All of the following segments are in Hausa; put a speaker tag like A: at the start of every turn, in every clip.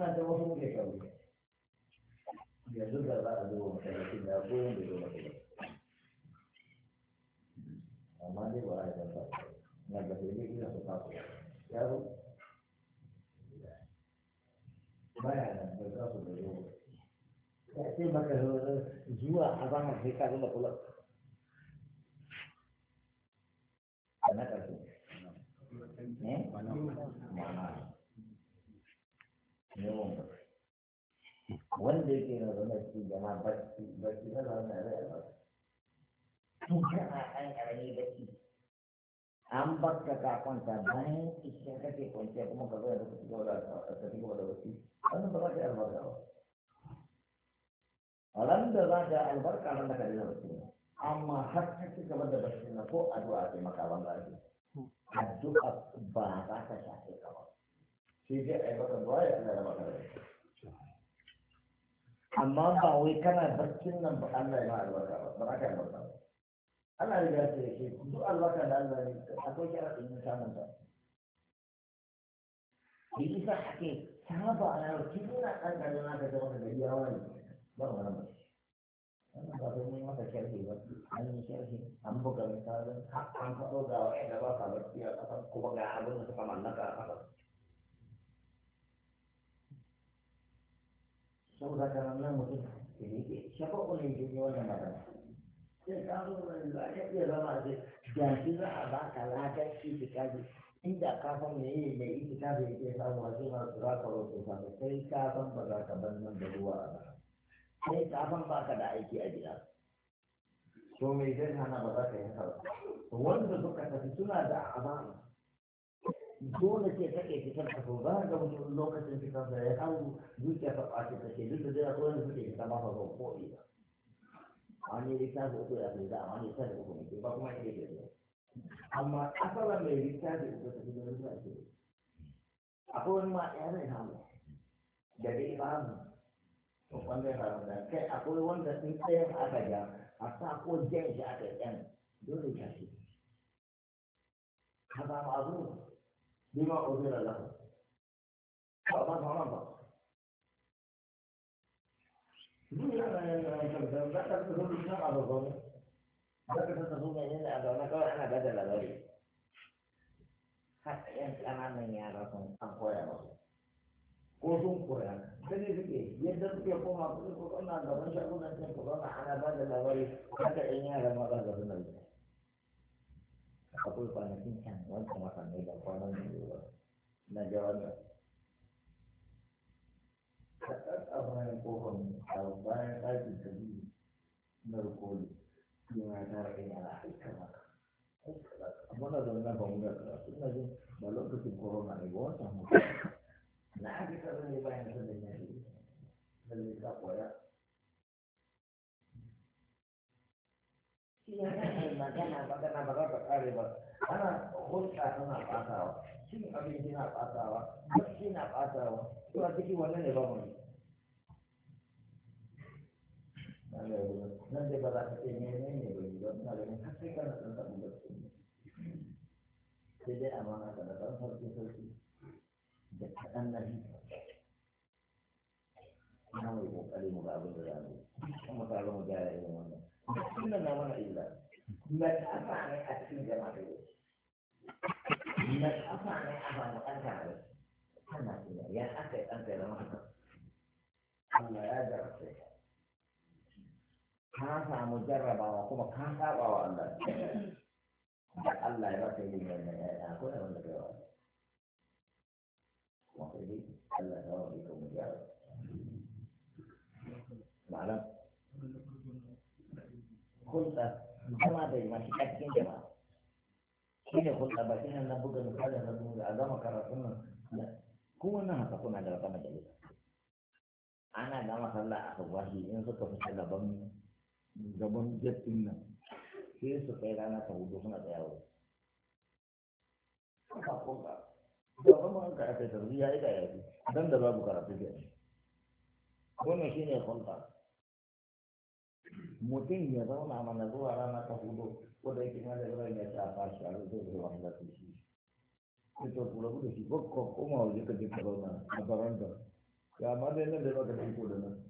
A: yana da wasu ke kawo yanzu da za a zo wa masallacin da ko yin da zo na kuma amma dai ba a yi zanta na ga sai dai ina su kafa yaro baya nan da za su da zo ya ce maka zuwa a zama sai ka zama kula na ƙarfi ne? wanda yake na zama cikin jama'a barci barci na zama na zai ba tun kana ɗan ƙarami barci an baka ka kwanta bayan ishe kake kwanciya kuma ka zo da kuka gaba da a ci gaba da wannan ba za ka yi albarka ba ran da za ka albarka ran da ka daina barci ne amma har ka ci gaba da barci na ko addu'a ce maka ban ba addu'a ba za ka shafe ka ba sai dai a yi maka zuwa ya tana da magana amma ba wai kana barcin nan ba Allah ya ma albarka ba ba za ka albarka ba Allah ya gaske da duk albarka da Allah ne akwai kira ɗin samun ta da isa hake saba a yau kin yana ɗan ɗan na ka zama gari yawa ne ba wani ba wannan ba zai yi masa sharhi ba an yi sharhi an buga misalin an faɗo ga wa'anda ba sa barci a ƙasar kuma ga abin da suka mallaka a ƙasar saboda haka nan mutum da yake shafa'u ne ke yi wannan sai ka zo za ka iya zama ce da shi za a baka ladar itikafi inda ka san me yi mai itikafi yake samu a cikin su za ka roƙe ka sai ka san ba za ka bar nan da ruwa a ba sai ka ba ka da aiki a gida to zai ba za ka yi haka ba wanda suka tafi suna da dole ce kake fitar ka ga lokacin fitar da ya zuciya ta ɓace ta duk da suke fitar ba ka ko ina wani littafi uku ya fi wani uku ne ba kuma da amma asala mai uku ta fi da akwai wani ma zai hamu da dai wanda ya faru da kai akwai wanda sun aka ja a sa ko jan shi aka dole ya ka abu بما أذن له فأخذ رمضة دون أن يكذب لكن تقول لك على الظلم لكن تقول أن يلعب أنا قال أنا بدل غيري حتى ينسى من يعرفهم أن قوي ko sun koya sai ne suke yadda suke koma su ko ina da ban shaguna sai ku zauna ana ba da labari kada in yara ma ba da labari akwai kwanakin can wancan wata ne da kwanan yiwuwa na jawabin ka tsatsa bayan kofar bayan ɗakin ka biyu na rukoli yana tara ɗin yana haika maka muna zaune ba mu da karatu ina jin ba lokacin corona ne ba wancan mutum na haka zai bayan sanin ya yi zai ka koya magana magana ba za ta kare ba ana hulɗa tana ɓatawa cin abinci na ɓatawa bacci na ɓatawa to a ciki wannan ne ba mu ne nan dai ba za ka ce ne ne ne ba ba ina ganin har sai kana san samun gaske sai dai amana ka da ɗan sarki sarki da kaɗan na hita ina mai ƙoƙari mu ga abin da za mu yi kuma tare mu gyara irin wannan. Ina na mana illa. مسافة عن أكيد مريض مسافة عن أهل أجعل أنا يا أخي أنت لمحظة الله يا درسك هذا مجربة وكما كان تابع الله الله يبقى لي من أكون من الجواب وقلي الله يبقى لي من الجواب معلم خلطة zama da masu cikin jama'a shi ne hulɗa ba shi na buga misalin na buga a gama karatun nan kowanne haka kuna da wata majalisa ana gama sallah a subahi in suka fita gaban gaban jettin nan sai su kai rana ta hudu suna tsayawa haka kuma gaban ma ka aka yi tarbiya ya ga yafi dan da babu karatu ke kuma shi ne hulɗa mutum ya zauna mana zuwa rana ta hudu ko da yake mana zuwa ya ta fashi a rufe da wahala ta shi sai ta kula da shi bakko kuma waje ka je ka zauna a baranda ya ma dai nan da ba ka fito da nan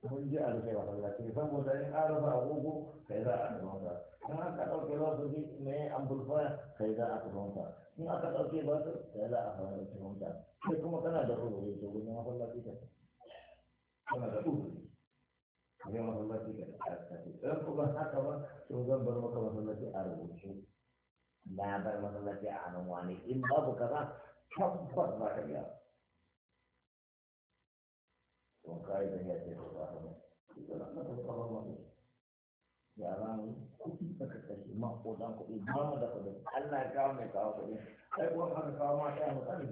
A: mun je a rufe wahala ta saboda in an rufe agogo kai za a zauna in aka ɗauke ba su mai amfulfa kai za a zauna in aka ɗauke ba su kai za a zauna sai kuma kana da rufe wajen wahala ta kana da rufe ne masallaci ka tsarkake in ku haka ba to zan bar maka masallaci a rubuce na bar masallaci a hannun wani in babu kaza tabbas ba ka biya to kai da ya ce ko ba ka ba yara kuɗi suka kashe maƙodan kuɗi ba mu da kuɗi Allah ya kawo mai kawo kuɗi ai kuwa aka kawo ma ta mu kare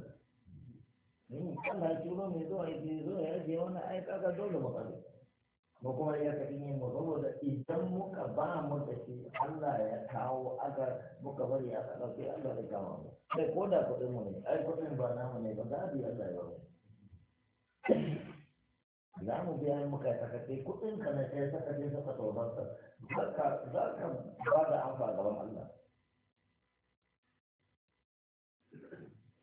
A: Allah ya mai zuwa ya je ya je wannan ai kaga dole mu kare mu kuma ya kaɗi ne mu saboda idan muka ba mu da shi Allah ya kawo aka muka bari aka ɗauke Allah ya kama mu sai ko da kuɗin mu ne ai kuɗin ba namu ne ba gadi Allah ya za mu biya muka yi sakace kuɗin ka na kai sakace saka sa, za ka ba da amfa gaban Allah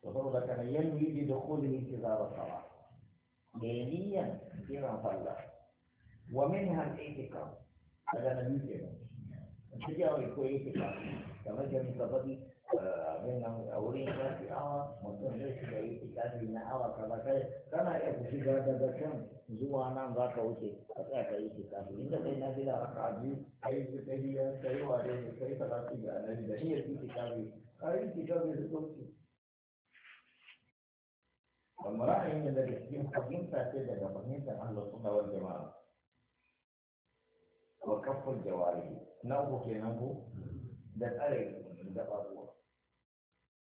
A: saboda kana yan yi da kulli ki za ba sawa da niyan kiran falla. wa minha al-i'tikaf daga nan ke nan shi ya wai ko i'tikaf kamar da muka faɗi abin nan a wurin shafi awa mutum zai shiga i'tikafi na awa kaza kai kana iya ku shiga daga can zuwa nan za ka wuce a tsaya ka i'tikafi inda kai na bila raka biyu kai su ta hiyar kai wa da ka ka والمراحل من الاسلام قديم تاتي لنا فهمت اهل السنه والجماعه وكف الجوارح نوبه في نوبه ده قريب من ده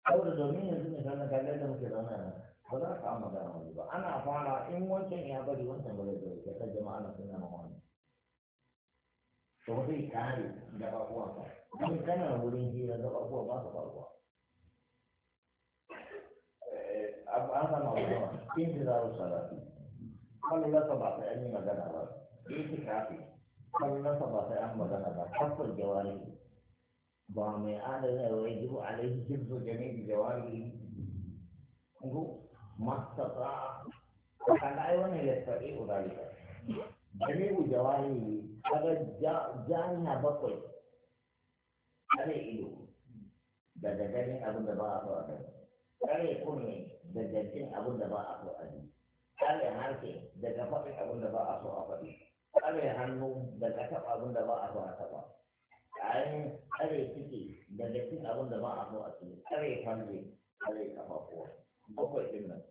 A: أول دومين يزمي سنة قال لهم كده أنا بلا كام ده أنا أقوله أنا أفعل إن وانشين يا بدي وانشين بلي بلي كده جماعة نسينا ما هون شو في كاري ده قريب أنا كنا نقولين كده ده قريب ما تقربوا أب أنا ما أقوله كم تدارو سلاطين قال لا تبعت أني ما ده نعرف إيه kallonsa ba sai an magana ba kafin jawari ba mai adana wa ya jibu alaihi jirzo jami da jawari ko mastata kan ai wannan ya tsari udalika jami'u jawari kada jami'a bakwai kare ido daga ganin abin da ba a so a gani kare kunne daga jin abin da ba a so a ji kare harshe daga faɗin abin da ba a so a faɗi tsare hannu da ka taɓa abin da ba a zo a taɓa yayin tsare ciki daga cin abin da ba a zo a ci tsare hannu tsare kafafuwa bakwai ɗin nan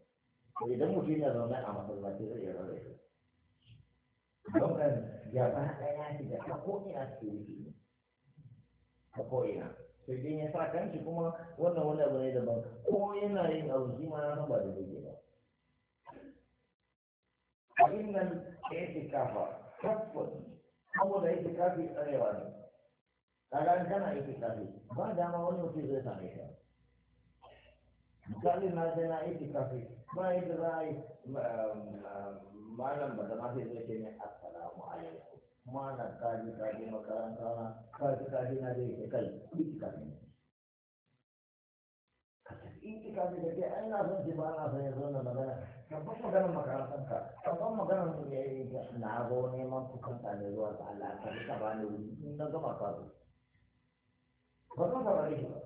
A: idan mutum ya zaune a masallaci zai iya rarrabe don kan gaba ɗaya shi da ta ko'ina su yi ta ko'ina sai dai ya sa kanshi kuma wannan wani abu ne daban ko yana yin abu shi ma ya san ba da zai ba abin nan ya fi kafa tabbas saboda yake kafi tsarewa ne kaga kana yake kafi ba dama wani mutum zai same ka misali na je na yake kafi ba yadda za a yi um, um, malam ba da mafi zai ce ne assalamu alaikum malam kaji kaji makaranta na kaji kaji na zai ke kai kafi in ki kafi da ke ai na son ki ba na son na magana ka ka ka ban maganar mu ya yi na zo neman ku kan Allah ka bi ka bani wuri in na gama ka zo ba zan saurare ki ba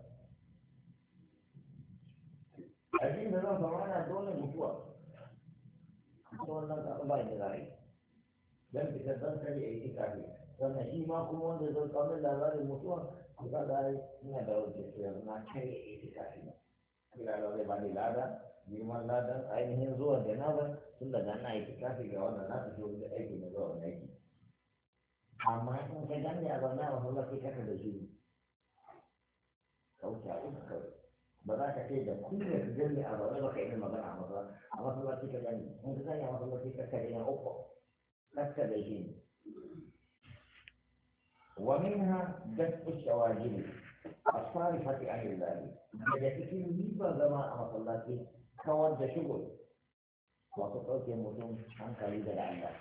A: a cikin da zan saurara dole mutuwa dan fitar zan kare ya yi kafi sannan shi ma kuma wanda zan kamar labarin mutuwa ku ga zare ina da wajen na yi Kira zai bani lada, girman lada, ainihin zuwa da na ba, tun daga ana yi kafi ga wannan na tafi aiki na zuwa wani aiki. Amma in ka gane a wannan a wahala sai da shi. Kauta uku kawai. Ba za ka kai da kullum ka gane a zaune ba ka magana ba ba. A masallaci ka gane, in ka a masallaci ka kare na uku. Kakka da shi. ومنها دفع الشواجب a tsari fati a yin lari daga cikin riba a masallaci kawar da shigo wato ɗauke mutum hankali daga Allah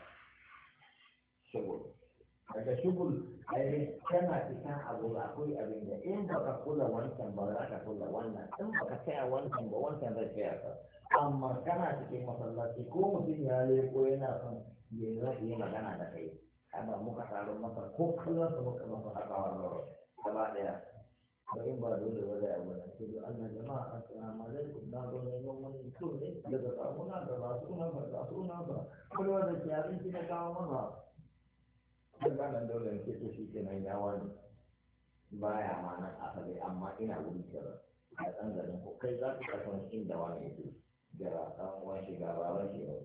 A: shigo daga shigo ɗaya tana a gula akwai abin in ba ka kula wancan ba za ka kula wannan in ba ka tsaya wancan ba wancan zai tsaya ka amma kana cikin masallaci ko mutum ya leko yana son ya yi rashin yin magana da kai amma muka taru masa ko kallon su muka masa a kawar da in ba dole ba da yawa ake da annan jama'a assalamu alaikum na zo ne wani mutum ne daga samuna da ba suna ba ba suna ba kulwa da ke abinci na kawo maka kan ganin dole ke to shi ke nan yawa ne baya ma nan asali amma ina wuri kaza a ɗan garin ko kai za ka san inda wani yake gara ɗan uwan shi ga baban shi yau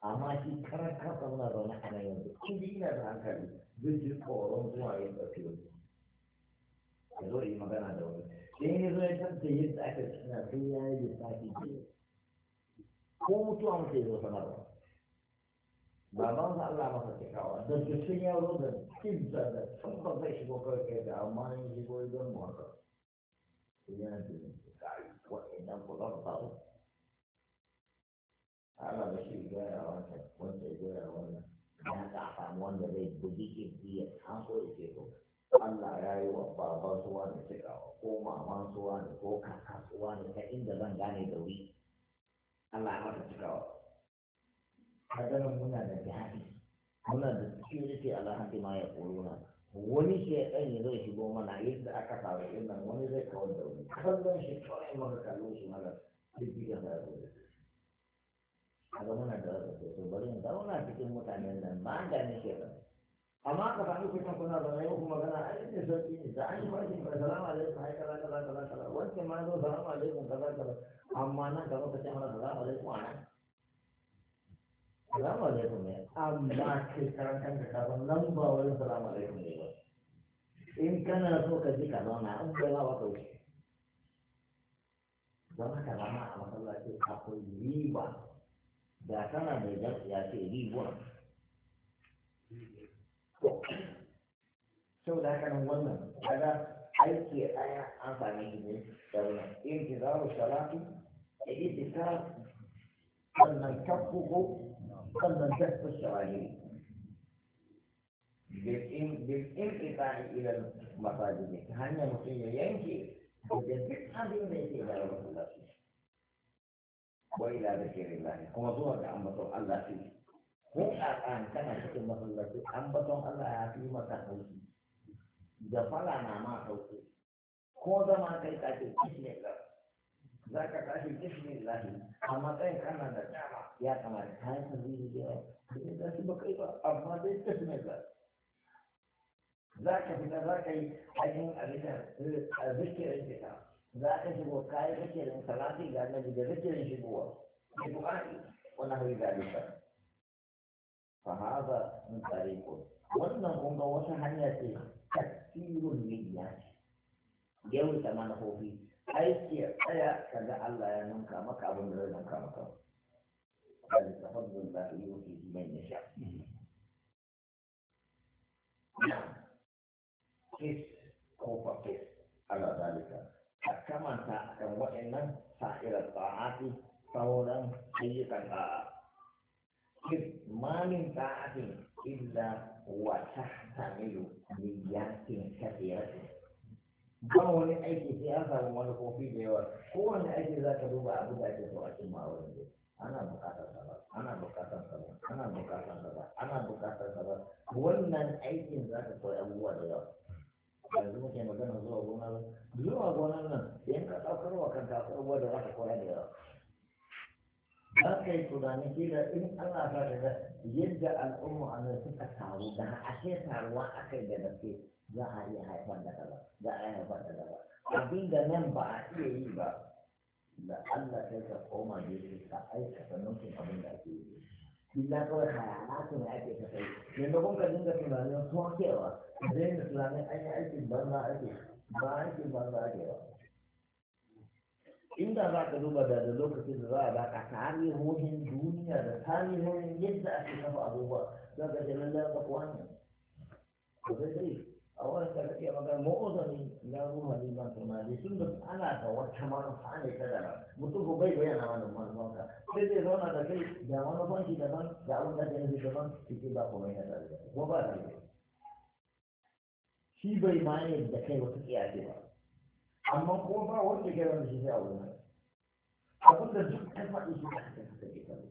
A: amma shi karan kansa muna zaune a nan yanzu in ina da hankali zai ji tsoron zuwa yin ɗauki ya zo yi magana da wani in ya zo ya tabbata aka sai ya yi ke ko mutuwa mutum ya zo baban sa Allah masa cikawa da sun ya zo da kizza da tabbar zai shigo kawai da amma ya shigo mu haka da ku da shi gaya wanda ya gaya wannan ya ka samu wanda zai ya Allah ya yi wa baban suwa da kirawa ko maman suwa da ko kaka suwa da ta inda zan gane da wuri Allah ya mata cikawa kadarin muna da jihadi muna da security alhaki ma ya korona wani ke ɗan ya zai shigo mana yadda aka samu illan wani zai kawar da wani kallon shi kawai maka kallon shi mara duk biyan da ya a ga muna da rasa bari in zauna cikin mutanen nan maganin shekaru amma ka sami kusan kuna da yau kuma gana ai ne sauki ne da an yi wani ba salamu alaikum ai kala kaza kaza kaza wancan ma zo salamu alaikum kaza kaza amma nan ka ce mana salamu alaikum a nan salamu alaikum ne amma kai karan kanka ka san nan ba wani salamu alaikum ne ba in kana so ka ji ka zauna in kai ba ka wuce don haka a masallaci akwai riba da kana da ya ce riba sau da haka wannan kaga aiki ɗaya an sami shi da wannan intizaru salatu itikaf sannan kafuhu sannan ta hanyar mutum ya yanke da duk abin da yake da rasulullah wa ila zikrillah kuma zuwa ga ambaton Allah shi ko a kan kana cikin masallaci an baton Allah ya fi maka sauki da fala na ma sauki ko zama kai ka ce bismillah za ka tashi bismillah a matsayin kana da dama ya kamata ka yi tasbihi da yawa sai da shi baka kai ba amma dai bismillah za ka fita za ka yi ainihin eh, a zikirin fita za ka shigo ka yi zikirin salati ga annabi da zikirin shigowa da du'a'i wani hari zalika فهذا من طريق wannan kun ga wata hanya ce tafsirun niyya yau ta manufofi aiki ya tsaya kaga Allah ya nunka maka abin da zai nunka maka bal tafaddul la yuti man yasha kis ko fa kis ala dalika kamanta akan wa'annan sa'irar ta'ati sauran ayyukan ta'a ما من طاعة إلا وتحتمل نيات كثيرة ba wani aiki sai an samu manufofi da yawa kowane aiki za ka duba abu da ake so a cimma a wurin dai ana bukatar ba ana bukatar ba ana bukatar ba ana bukatar ba wannan aikin za ka koyi abubuwa da yawa yanzu muke magana zuwa gona zuwa gona nan yanka ɗaukar wa kanka abubuwa da za ka koya da yawa har kai tunanin da in ana sa daga yadda al'umma a nan suka taru da ashe taruwa aka yi da gaske za a iya haifar da kaza za a iya haifar da kaza abin da nan ba a iya yi ba da Allah sai ka koma gefe ka aikata nufin abin da ake yi illa kawai hayana su ne ake ta kai yanzu kun ka dinga tunanin sokewa da dinga tunanin an yi aikin banza ake ba aikin banza ake ba inda za ka duba da da lokacin da za a baka tarihohin duniya da tarihohin yadda ake kafa abubuwa za ka ji lallai ka kuwa ne ko sai dai a wurin da kake magana ma'uzani na ruha ne ban ne tun da ana da wata manufa ne ta daban mutum ko bai bayyana wannan manufanka sai zai zauna da kai da manufan shi daban da abin da ke nufi daban shi ba kuma na tare ko ba tare shi bai ma yadda kai wata tsiyace ba amma kuma ba wanda ke rana shi sai a wurin abin da duk an faɗi shi a cikin haka ke kare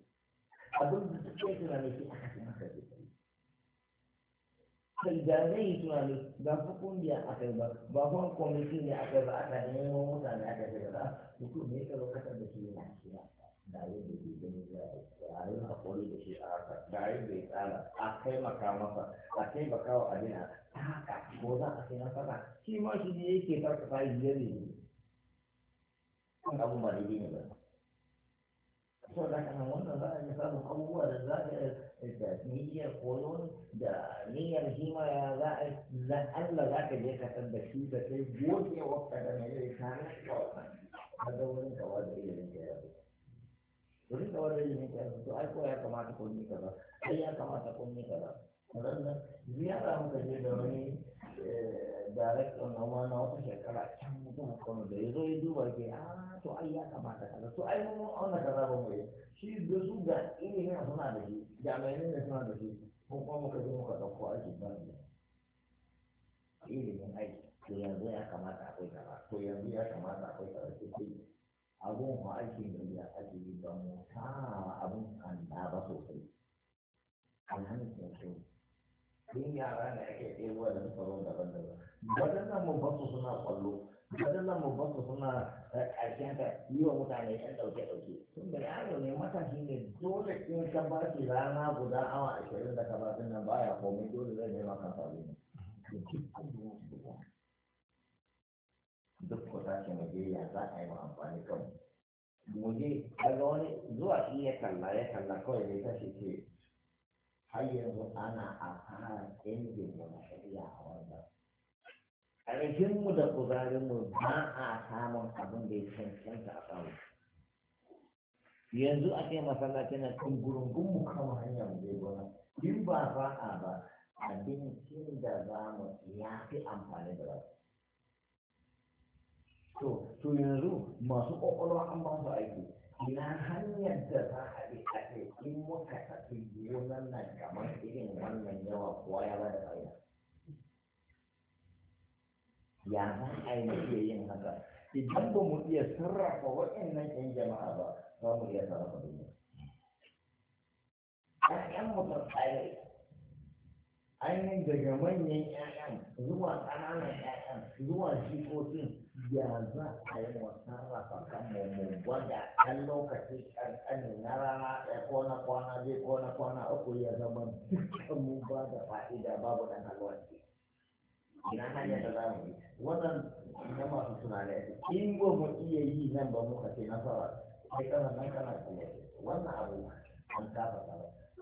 A: abin da duk ya tunani shi aka kai haka ke kare kan da zai yi tunani ba su kungiya a kai ba ba kuma kwamitin ne a kai ba a aka neman mutane a kai ba mutum ne ya karo kasar da shi yana shiga da yin da ke gani da yin haƙuri da shi a haka da yin da ya tsara a taimaka masa a taimaka wa abina ta haka ko za a kai nasara shi ma shi ne yake farfafa yi yare ne kan abun ba da ne ba so da kana wannan za a yi samun abubuwa da za a da niyyar koyo da niyyar hima ya za a la'alla za ka je ka san da shi da kai gogewa ka da mai zai kare ka wannan ka da wani kawai da ilimin da ya zai wurin da wannan yin ka to ai ko ko ni kaza da wani eh, director na wani shekara can mutum kano da ya zo a ah, yi shi da su ga ilimin ko aiki abun wa ake mai ya ajiye ba mu sa abun kanta ba sosai alhamdu sosai sun yara da ake ɗewa da sauran daban-daban waɗannan mu basu suna kwallo waɗannan mu basu suna ƙarshen eh, ka yi wa mutane ɗan ɗauke-ɗauke tun da yaro ne matashi ne dole in ka ba shi rana guda awa ashirin da ka ba nan baya komai dole zai nema kansa ne. sake najeriya za a yi mu amfani kan mu je daga wani zuwa shi ya kalla ya kalla kawai zai tashi ce har yanzu ana a fara injin da shari'a a wannan ƙarfinmu da kuzarinmu ba a samun abin da ya cancanta a samu yanzu a kai masallaci na kan gurungunmu kama hanyar zai gona in ba fa'a ba abincin da za mu ya fi amfani da wasu to to yanzu masu ƙwaƙwalwa an ba su aiki ina hanyar da za a bi a ce in muka tafi gonar nan kamar irin wannan yawa kuwa ya ba da fa'ida ya za a yi iya yin haka idan ba mu iya sarrafa waɗannan 'yan jama'a ba za mu iya sarrafa duniya. ‘Ya'yan mutum tsaye ainihin daga manyan 'ya'yan zuwa ƙananan 'ya'yan zuwa jikokin ya za a yi wasan rafakan mu gwada ɗan lokaci ƙanƙani na rana ɗaya ko kwana biyu ko kwana uku ya zama dukkan mu ba da fa'ida babu ɗan alwaci ina hanyar da za mu yi wannan na masu tunani in ba mu iya yi nan ba muka ce nasara sai kana nan kana wannan abu an kafa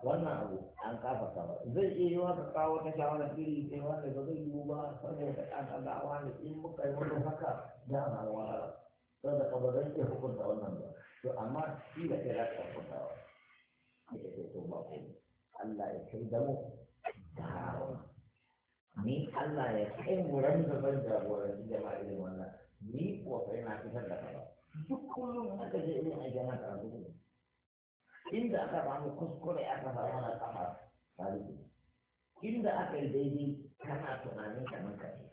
A: wannan abu an kafa kawa zai iya yi ka kawo ta shawara iri sai wanda ba zai yiwu ba saboda an adawa ne in muka yi wani haka da na wahala saboda ka ba zai iya hukunta wannan ba to amma shi da kai za ka hukunta wa ya ce to ba ko Allah ya kai da mu ni Allah ya kai mu ran da ban jagoranci jama'a irin wannan ni kuwa kai na fitar da kaza duk kullum haka zai irin a jama'a karatu inda aka samu kuskure aka samu na kamar tarihi inda aka yi daidai kana tunanin kamar ka ne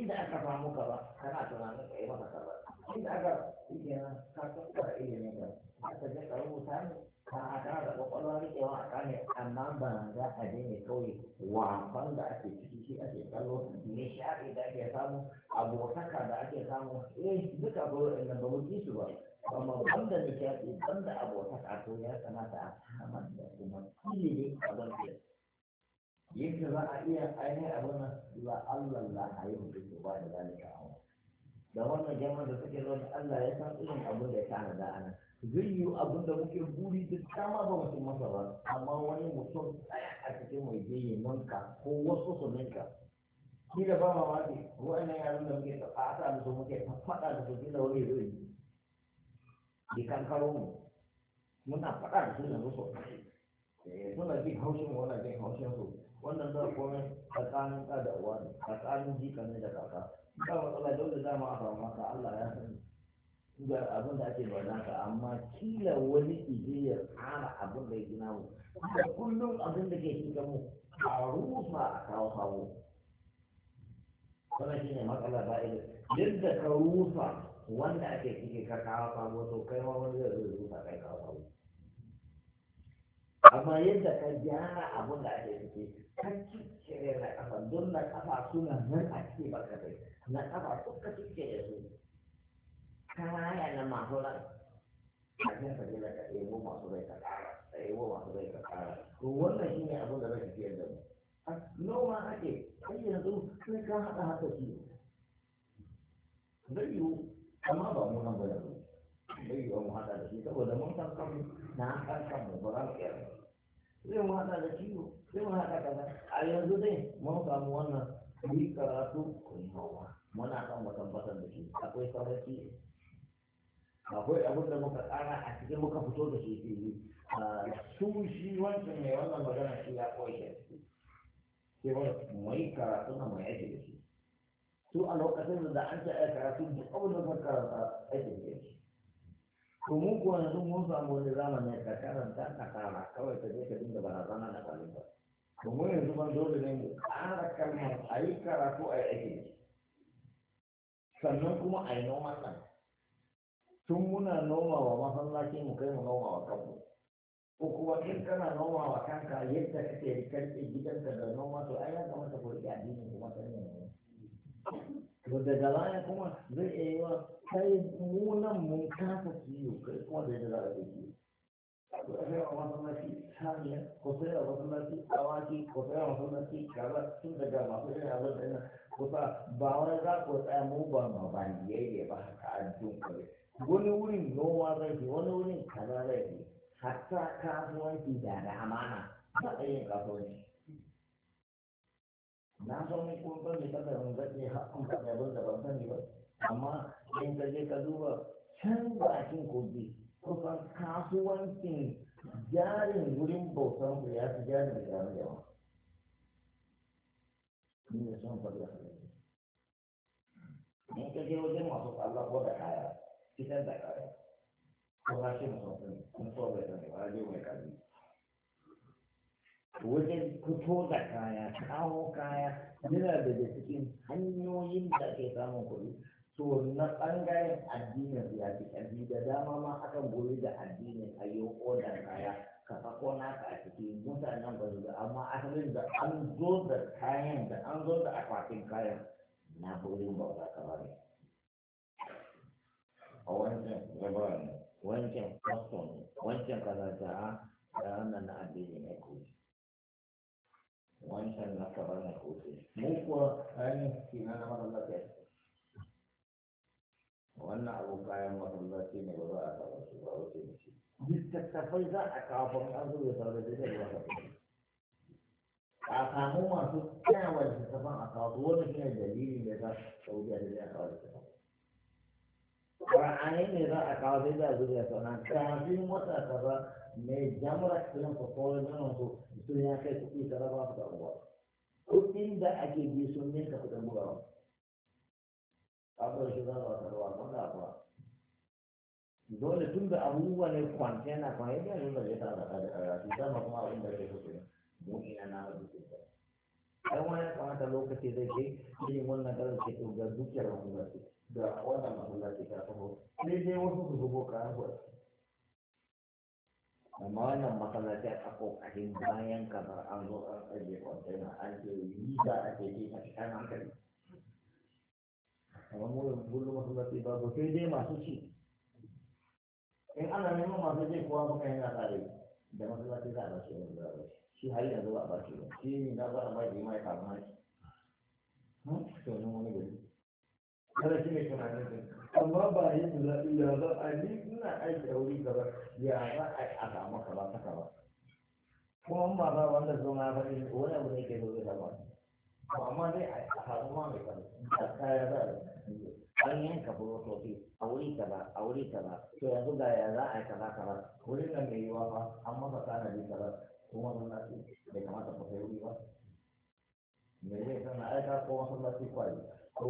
A: inda aka samu gaba kana tunanin ka yi maka gaba inda aka yi ka san ka da ilimin ka aka je ka rubuta ne ka haka da kwakwalwa rikewa a kane amma ba za a je ne kawai wasan da ake ciki shi ake kallo ake da ake samu abotaka da ake samu eh duka ba wa'in ba mu su ba amma banda nishaɗi banda abota kato ya kamata a samar da kuma ilimi a banda yadda za a iya ainihin abin nan la Allah a hayyun da ke ba da zalika a wani da wannan jama'a da suke zaune Allah ya san irin abin da ya tana da ana zai yi abin da muke buri da dama ba mutum masa ba amma wani mutum ɗaya a cikin mai je ninka ko wasu su ninka ni da ba mamaki wa'annan yaran da muke tafa a sa da su muke faɗa da su da wani zai yi di kankaromu muna faɗa da su yanzu so suna jin haushin wani haushin su wannan da komai tsakanin ɗa da tsakanin jika ne da kaka ba matsala dole dama a samu maka Allah ya sani ga abin da ake bada ka amma kila wani ije ala abin da ya gina mu da kullum abin da ke shiga mu a rufa a kawo kawo wannan shine matsala ba yadda ka rufa wanda ake ciki ka kawo sabo to kai ma wani zai zo zuwa kai kawo sabo amma yadda ka gyara abin da ake ciki ka ciccire na kafa don na kafa suna nan a ciki ba ka kai na kafa ko ka ciccire su kaya na masu ran kafin ka gina ka ɗebo masu rai ka ƙara ɗebo masu rai ka ƙara to wannan shi ne abin da zai ciyar da mu noma ake kai yanzu sai ka haɗa haka shi zai yiwu amma ba mu nan gwada ba sai yiwa mu haɗa da shi saboda mun san na san kanmu ba za mu iya zai mu da ciwo zai mu haɗa kaza a yanzu dai mun samu wannan yi karatu kuma muna kan mu tabbatar da shi akwai sarrafi akwai abin da muka tsara a cikin muka fito da shi fili su shi wancan mai wannan magana shi ya koyi shi sai wani mai karatu na mai yake da shi su a lokacin da an ce ai karatu duk abin da ka karanta ai da yake to mu kuwa yanzu mun samu wani zamanin ka karanta ka kara kawai ta je ka dinga barazana da kalmar to mu yanzu ban dole ne mu kara kalmar a yi karatu a yi aiki sannan kuma a yi noman nan tun muna noma wa masallaci mu kai mu noma wa kanmu ko kuma in kana noma wa kanka yadda kake rikar gidanka da noma to ai ya kamata ku riƙe addinin kuma sanin to daga baya kuma zai iya yi wa kai munan mun kasa ciwo kai kuma da yadda za a ko sai a masallaci saniya ko sai a masallaci awaki ko sai a masallaci kaza daga masu yin abin da yana kusa ba wani za ku tsaya mu ba ma ba ne ba haka a wani wurin noma zai fi wani wurin kaza zai fi hatta kasuwanci da da amana ba a yin kasuwanci na san mai kuma mai kada mun zaɓe haƙƙin ka mai da ban sani ba amma in ka je ka duba can bakin kogi kusan kasuwancin jarin wurin bautan ku ya fi jarin da jarin yawa ni ne son faɗi in ka je wajen masu Allah ko da kaya fitar da kaya ko ba shi musamman kun so bai sani ba je mai kaji wajen fito da kaya kawo kaya yana daga cikin hanyoyin da ke samun kuɗi to na ɓangaren addinin ya fi ƙarfi da dama ma akan goyi da addinin a yi odar kaya ka sako naka a ciki mutanen ba da amma asalin da an zo da kayan da an zo da akwatin kayan na goyin bauta ka bari a wancan gabar wancan kwastom wancan kaza a ranar na addinin ya koyi wancan na ka bana kofi mu kuwa ainihin kina na masallaci wannan abu kayan masallaci ne ba za a kawo su ba wuce ne shi littattafai za a kawo an zo da sarrafa da ruwa a samu masu tsayawa littattafan a kawo wani shi ne da za su da ya kawo littattafan Ƙura'ani ne za a kawo sai da zuwa sauna kafin wata kaza mai jamura kiran fa ko nan so sun ya kai kuɗi da raba da uwa kuɗin da ake bi sun ninka kuɗin bugawa abubuwan shi za a tarwa ban da dole tun da abubuwa ne kwanta yana kwanta yana yin da zai tara da karatu dama kuma abin da zai kuɗi mu ina na da kuɗi ai wani ya kamata lokaci zai ke irin wannan karin ke to ga dukiyar masallaci da wannan masallaci ta taho sai dai wasu su zubo kayan kuɗi amma wannan masallaci a ƙoƙarin bayan kamar an zo an ajiye kwantena an ce yi ba a ce ce a cikin hankali amma mu kullum masallaci ba ko sai dai masu ci in ana neman masu ci kuwa muka yana tsare da masallaci za a bashi wani za a bashi shi har yanzu ba a bashi ba shi na za a bashi ma ya kama shi hmm? to nan wani gari kada shi ne tunanin amma ba za a ina aiki a wuri gaba ya za a yi a samu kuma ba za wanda zo na wani abu ne ke zo da to amma dai a samu ma mai da kaya za a an yanka burotofi a wuri kaza a wuri kaza to yanzu ga ya za a yi kaza kaza nan mai yiwa ba amma ba kaza kuma bai kamata ku wuri ba zai sana aika ko masallaci ko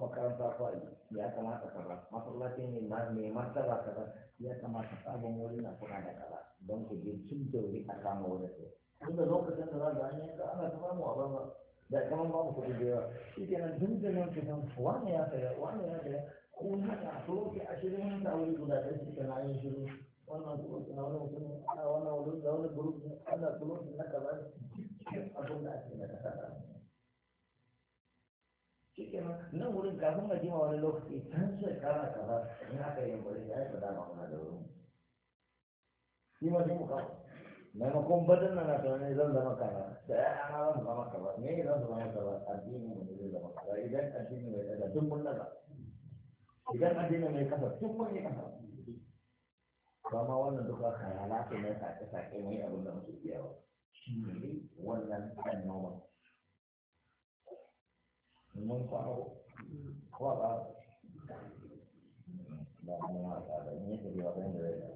A: makaranta kwari ya kamata kaza masallaci ne mai martaba kaza ya kamata sabon wuri na kuna da kaza don ku je cin da wuri a kama wurin sai tun da lokacin da za a yi ana ta mu a banza da kaman babu kuɗi da yawa shi kenan tun da nan kusan wani ya saya wani ya saya ko haka a kulofi ashirin da wuri guda ɗaya shi kenan an yi shiru mutum kafin a jima wani lokaci can shekara kaza in haka yin kwari ya yi fada ma kuna da wurin shi ma sai mu kawo maimakon badan na tunanin zan zama kaza da ya ana zan zama kaza me ne zan zama kaza addini mu ne zai zama kaza idan addini mai kaza duk mun naza idan addini mai kaza duk mun yi kaza kama wannan duka kayala ce na sake-sake mai abin da muke iya wa shi ne wannan annoba mun kwaro ko ba ba ba ne